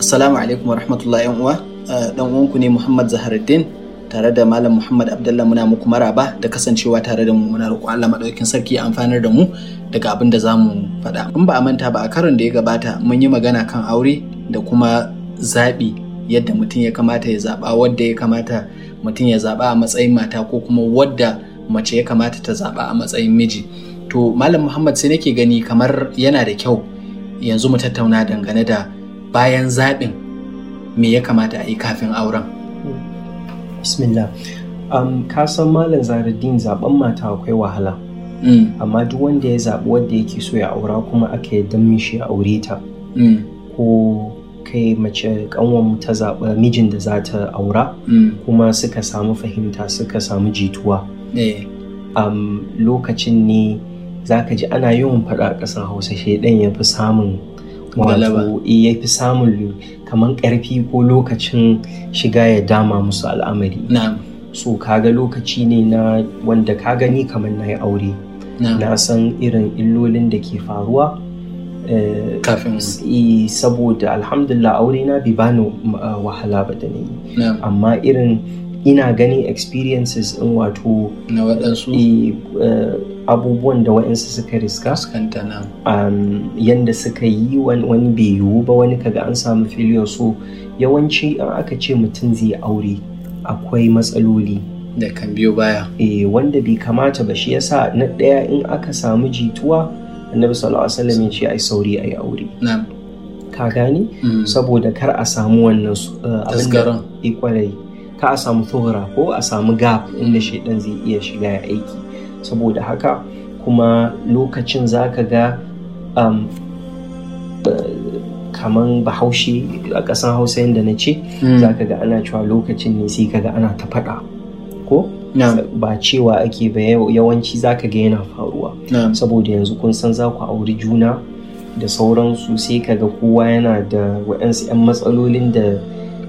Assalamu alaikum wa rahmatullahi yan uwa. Uh, dan uwanku ne Muhammad Zaharuddin tare da Malam Muhammad Abdullah muna muku maraba da kasancewa tare da mu muna roƙo Allah madaukakin sarki ya amfanar da mu daga abin da za mu faɗa. In ba a manta ba a karon da ya gabata mun yi magana kan aure da kuma zaɓi yadda mutum ya kamata ya zaɓa wadda ya kamata mutum ya zaɓa a matsayin mata ko kuma wadda mace ya kamata ta zaɓa a matsayin miji. To Malam Muhammad sai nake gani kamar yana da kyau yanzu mu tattauna dangane da bayan zaɓin me ya kamata a yi kafin auren bismillah um, ka san malam zaradin zaben mata akwai wahala mm. amma duk wanda ya zaɓi wanda yake so ya aura kuma aka yi don mishi ya aure ta mm. ko kai mace mu ta zaɓa mijin da za ta aura mm. kuma suka samu fahimta suka samu jituwa yeah. um, lokacin ne zaka ka ji ana yawan faɗa a ƙasar hausa shaidan ya fi samun wato eh, ya fi samun kamar karfi ko lokacin shiga ya dama musu al'amari so kaga lokaci ne na wanda ka gani kamar na yi aure na san irin illolin da ke faruwa eh, kafin eh, saboda alhamdulillah aure na bi bani wahala ba da ne amma irin ina ganin experiences in wato na waɗansu abubuwan da wa'insu suka riska um, yadda suka yi wani biyu ba wani kaga an samu filiyo so yawanci in aka ce mutum zai aure akwai matsaloli da kan biyo baya eh wanda bai kamata ba shi yasa na ɗaya in aka samu jituwa annabi sallallahu alaihi wasallam ya ce ai sauri ai aure ka gani hmm. saboda kar a samu wannan eh, abin da eh, ka a samu tsohara ko a samu gap inda shaidan zai iya shiga ya aiki saboda haka kuma lokacin za ka ga um, kaman bahaushe a ƙasan hausa yadda na ce hmm. za ka ga ana cewa lokacin ne sai ka ga ana ta faɗa ko ba cewa ake ba yawanci za ka ga yana faruwa saboda yanzu kun san za ku auri juna da sauransu sai ka ga kowa yana da waɗansu 'yan matsalolin da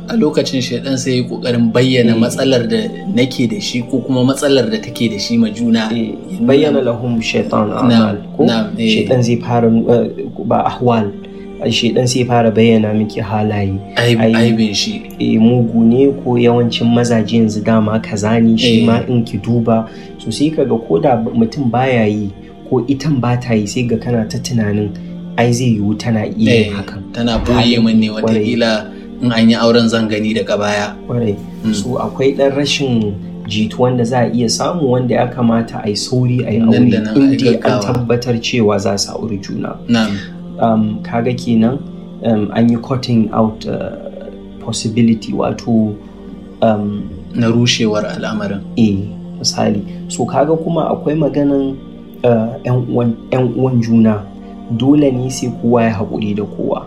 a lokacin shaidan sai ya kokarin bayyana eh. matsalar da nake da shi ko kuma matsalar da take da shi ma juna eh, bayyana lahum shaitan a'mal ko eh. shaitan zai fara ba ahwal shaidan sai fara bayyana miki halaye aibin shi e mugu ne ko yawancin mazaje yanzu dama kaza ne shi ma in ki duba so sai kaga ko da mutum baya yi ko itan ba ta yi sai ga kana ta tunanin ai zai yiwu tana iya hakan tana boye mun ne watakila in an yi auren zan gani daga baya kwarai mm. so akwai ɗan rashin jitu wanda za a iya samu wanda ya kamata a yi sauri a yi aure inda an tabbatar cewa za su auri juna um, kaga kenan um, an yi cutting out uh, possibility wato um, na rushewar al'amarin E, misali so kaga kuma akwai maganan uh, 'yan uwan juna dole ne sai kowa ya haƙuri da kowa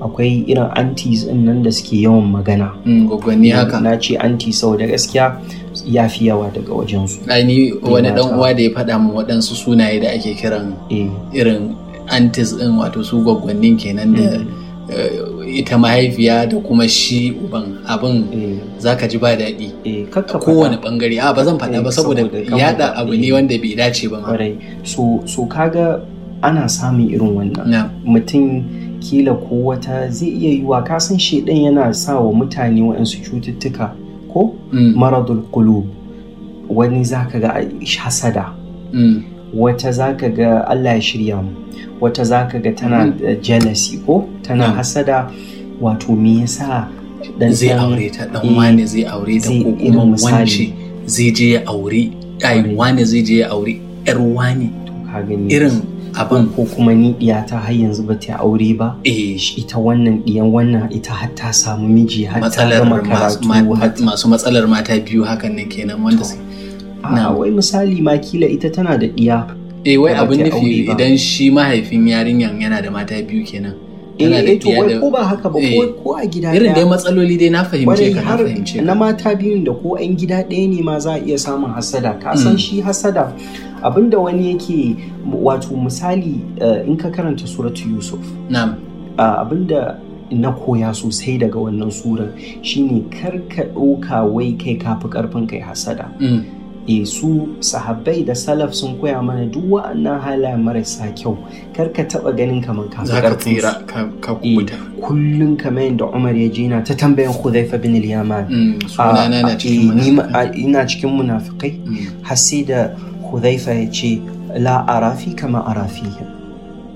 akwai irin antis din nan da suke yawan magana mm, gwagwani haka na ce anti saboda gaskiya ya fi yawa daga wajensu ni wani dan uwa da ya faɗa mu waɗansu sunaye da ake kiran eh. irin antis din wato su gwagwannin kenan da mm. eh, ita mahaifiya da kuma shi uban abin eh. za ka ji ba daɗi a kowane ɓangare a ba zan faɗa ba saboda yada abu ne wanda bai dace ba ma so kaga ana samun irin wannan mutum kila ko wata zai iya yiwa san shedan yana sa wa mutane waɗansu cututtuka ko mm. maradul kulub wani zaka ga hasada mm. wata zaka ga Allah ya shirya mu wata zaka ga tana mm-hmm. jealousy ko tana mm. hasada wato me yasa dan zai aure ta dan wani zai aure ta ko kuma wani zai je ya aure ai wane zai je ya aure yar wani. irin abin ko kuma ni diya ta har yanzu ba ta aure ba eh. ita wannan diyan wannan ita har ta samu miji har ta gama karatu masu matsalar mata biyu hakan ne kenan wanda su ah, na wai misali ma kila ita tana da diya eh wai abin nufi idan shi mahaifin yarinyan yana da mata biyu kenan yana eh, da ko ba haka ba ko eh, a gida irin dai matsaloli dai na fahimce ka na fahimce na mata biyun da ko yan gida ɗaya ne ma za a iya samun hasada ka san hmm. shi hasada abinda wani yake wato misali eh, in ka karanta suratu yusuf na'am abinda na koya sosai daga wannan suran shine kar ka ɗauka wai kai kafi karfin kai hasada mm. e su sahabbai da salaf sun koya mana duk wa'annan halaye marasa kyau kar ka taba ganin kamar ka za ka tsira ka eh, kubuta kullun kamar yadda Umar ya jina ta tambayan Hudhaifa bin al-Yaman mm, ah, ah, eh, ah, ina cikin munafikai mm. har sai da Hudhaifa ya ce la arafi kama arafi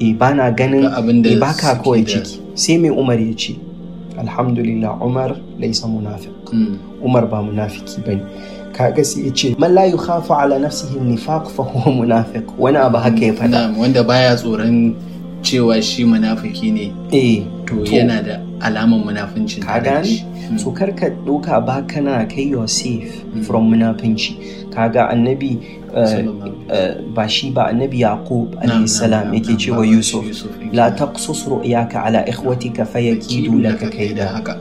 e na ganin e ka kawai ciki sai mai Umar ya ce alhamdulillah Umar laisa munafiq mm. Umar ba munafiki bane kaga sai ya ce man la yukhafu ala nafsihi nifaq fa huwa munafiq wani abu haka ya faɗa wanda baya tsoron cewa shi munafiki ne eh to yana da alaman munafincin ka ne hmm. so karka doka ba kana kai yourself hmm. from munafinci kaga annabi eh, eh, ba shi ba annabi yaqub alayhi salam yake cewa yusuf la taqsus ru'yaka ala ikhwatika fayakidu laka kaida haka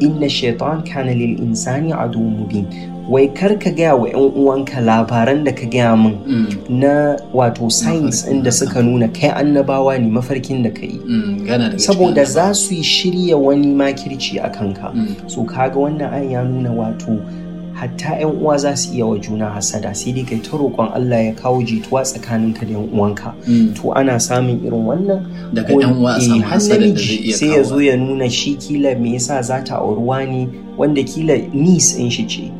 inna shaitan kana lil insani adu mubin wai kar ka gaya wa 'yan uwanka labaran da ka gaya min na wato science inda suka nuna kai annabawa ne mafarkin da ka yi saboda za su yi shirya wani makirci a kanka so kaga wannan an ya nuna wato hatta yan uwa za su iya wa juna hasada sai dai kai ta roƙon Allah ya kawo jituwa tsakanin ka da yan uwanka mm. to ana samun irin wannan daga yan uwa eh, hasada da zai iya sai ya zo ya nuna shi kila me yasa za ta auri wani wanda kila niece in shi ce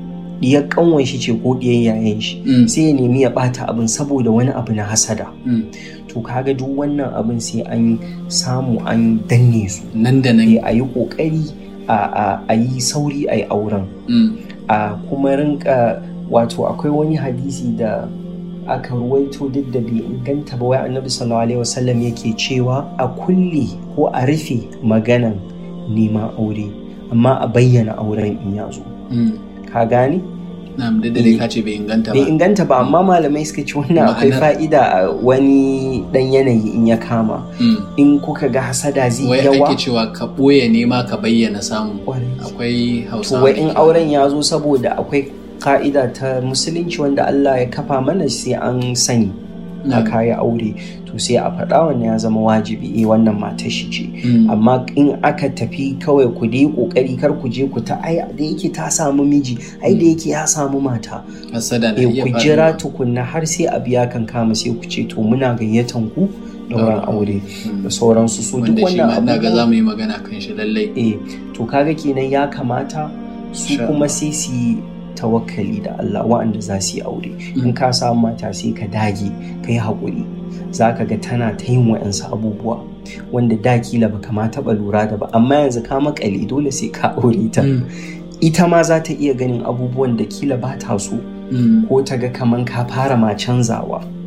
diyar kanwan shi ce ko diyar yayan shi mm. sai ya nemi ya bata abin saboda wani abu na hasada mm. to kaga duk wannan abin sai an samu an danne su nan da nan eh, a yi kokari a yi sauri a yi auren a kuma rinka wato akwai wani hadisi da aka ruwaito duk da bai inganta ba wai annabi sallallahu alaihi wasallam yake cewa a kulle ko a rufe maganan neman aure amma a bayyana auren in ya mm. ka gani da inganta ba. amma hmm. malamai suka ce wannan akwai fa'ida a wani dan yanayi in ya kama. Hmm. In kuka ga hasada zai yawa. Wai ake cewa ka boye ma ka bayyana samu. Akwai hausa. Wai in auren ya zo saboda akwai ka'ida ta musulunci wanda Allah ya kafa mana sai an sani. a kayi aure to sai a faɗa wannan ya zama wajibi eh wannan matar shi ce mm. amma in aka tafi kawai ku dai kokari kar ku je ku ta ai da yake ta samu miji ai da mm. yake ya samu mata eh ku jira tukunna har sai a biya kan kama sai ku ce to muna gayyatan ku dauran ah, aure mm. da sauransu su duk wannan abu ga za yi magana kan shi lallai eh to kaga kenan ya kamata su kuma sai su tawakkali da Allah wa'anda za su yi aure in ka samu mata sai ka dage ka yi haƙuri za ka ga tana ta yin wa'ansu abubuwa wanda da kila ba ma taɓa lura da ba amma yanzu ka maƙale dole sai ka aure ta mm. ita ma za ta iya ganin abubuwan da kila ba ta so mm. ko ta ga kaman ka fara ma canzawa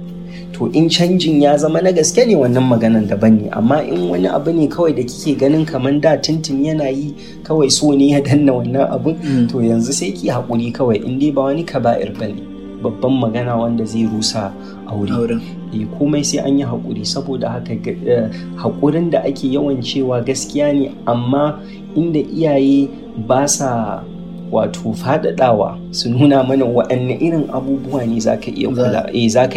to in canjin ya zama na gaske ne wannan maganan daban ne amma in wani abu ne kawai da kike ganin kamar da tintin yana yi kawai so ne ya danna wannan abun mm. to yanzu sai ki hakuri kawai in dai ba wani kaba'ir ba ne babban magana wanda zai rusa aure eh, komai sai an yi hakuri saboda haka eh, hakurin da ake yawan cewa gaskiya ne amma inda iyaye ba sa wato faɗaɗawa su nuna mana waɗanne irin abubuwa ne za ka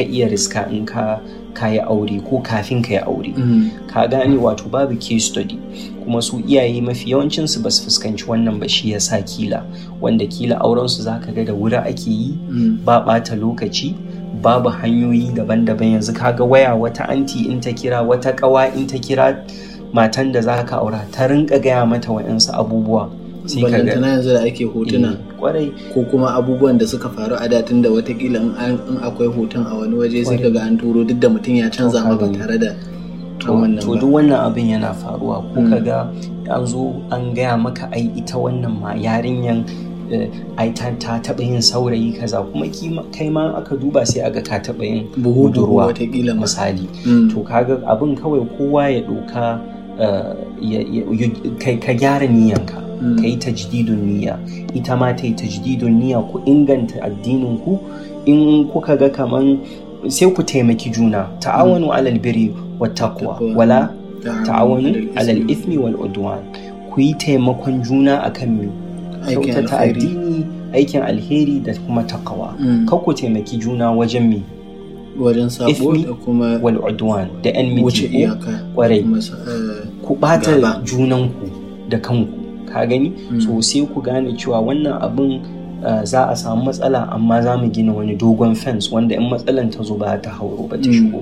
iya eh, riska in ka kayi aure ko kafin ka yi aure mm. ka gane wato babu case study kuma su iyaye mafi yawancin su basu fuskanci wannan ba shi yasa kila wanda kila aurensu su zaka ga da wuri ake yi mm. ba bata lokaci babu hanyoyi daban-daban yanzu ka ga waya wata anti in ta kira wata kawa in ta kira matan da za ka aura ta rinka gaya mata wa'yansu abubuwa ballantana yanzu da ake hotuna eh, ko kuma abubuwan da suka faru a datin da watakila in akwai hoton a wani waje sai ga an turo duk da mutum ya canza ma ba tare da to duk wannan abin yana faruwa ko kaga hmm. an zo an gaya maka ai ita wannan ma yarinyan eh, ai ta taɓa yin saurayi kaza kuma kai ma aka duba sai aga ka taɓa yin budurwa misali hmm. to kaga abin kawai kowa ya doka eh, ka gyara niyanka ka yi tajdidun niyya ita ma ta yi tajdidun niyya ku inganta addinin ku in kuka ga kaman sai ku taimaki juna ta'awanu mm. alal biri wa taqwa wala ta'awanu alal ismi wal udwan ku yi taimakon juna akan me kyautata addini aikin alheri da kuma takawa mm. kar ku taimaki juna wajen me wajen sabo da kuma wal udwan da yan miji kwarai eh, ku bata junanku da kanku ka gani mm. so sai ku gane cewa wannan abin uh, za a samu matsala amma za mu gina wani dogon fence wanda in matsalan ta zo ba ta hauro ba ta mm. shigo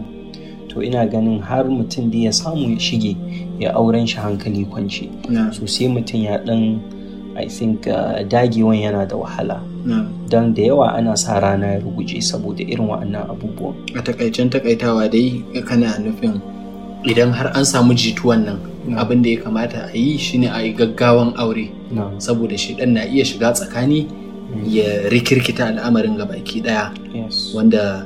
to ina ganin har mutum da ya samu ya shige ya auren shi hankali kwanci so sai mutum ya dan i think uh, dagewan yana da wahala don da yawa ana sa rana ya ruguje saboda irin wa'annan abubuwan a takaicen takaitawa dai kana nufin idan har an samu jituwan nan Mm. abin da ya kamata a yi shine a yi gaggawan aure saboda shi ɗan na iya shiga tsakani mm. ya rikirkita al'amarin baki daya wanda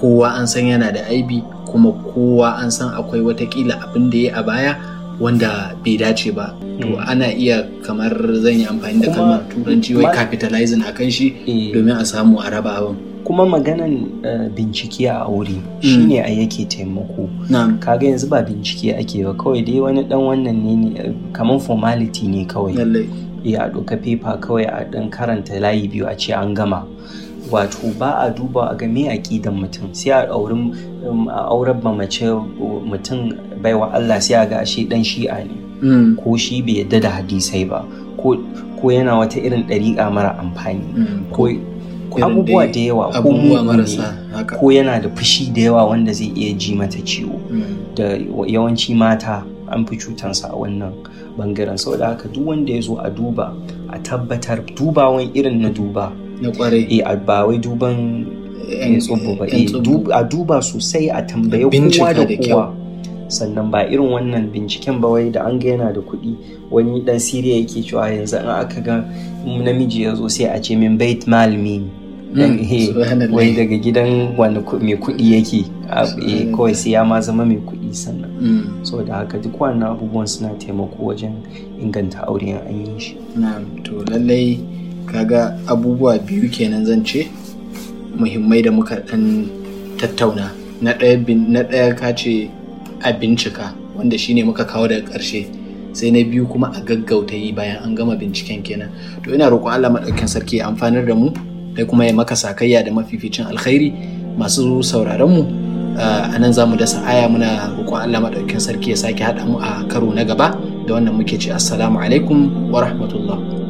kowa an san yana da aibi kuma kowa an san akwai watakila abin da ya a baya wanda bai dace ba to mm. ana iya kamar zan yi amfani da kalmar turanci wai capitalizing a kan shi mm. domin a samu a raba abin kuma maganan eh, bincike a aure shine a yake taimako kaga yanzu ba bincike ake ba kawai dai wani dan wannan ne eh, kamar formality ne kawai ya a ɗauka kawai a ɗan karanta layi biyu a ce an gama wato ba a duba a ga me mutum sai a auren mm, auren mace mutum baiwa Allah sai ga ashe dan shi'a ne mm. ko shi bai yadda da hadisai ba ko yana wata irin ɗariƙa mara amfani mm. ko abubuwa da yawa ko ko yana da fushi da yawa wanda zai iya ji mata ciwo mm. da yawanci mata an fi cutansa a wannan bangaren saboda haka duk wanda ya zo a duba a tabbatar dubawan irin na duba na kwarai eh, duban eh, a duba sosai a tambaye kowa da kowa sannan ba irin wannan binciken ba wai da an ga yana da kuɗi wani dan siriya yake cewa yanzu in aka ga namiji ya zo sai a ce min bait malmin hmm, eh, wai daga gidan wani mai kuɗi yake eh, kawai sai ya ma zama mai kuɗi sannan hmm. so da haka duk wannan abubuwan suna taimako wajen inganta aure an yi shi to lallai kaga abubuwa biyu kenan zan ce muhimmai da muka dan tattauna na ɗaya ka ce a bincika wanda shine muka kawo daga karshe sai na biyu kuma a gaggauta yi bayan an gama binciken kenan to ina roƙon Allah maɗaukin sarki ya amfanar da mu da kuma ya maka sakayya da mafificin alkhairi masu sauraron mu eh, a nan zamu dasa aya muna roƙon Allah maɗaukin sarki ya sake haɗa mu a karo na gaba da wannan muke ce assalamu alaikum wa rahmatullah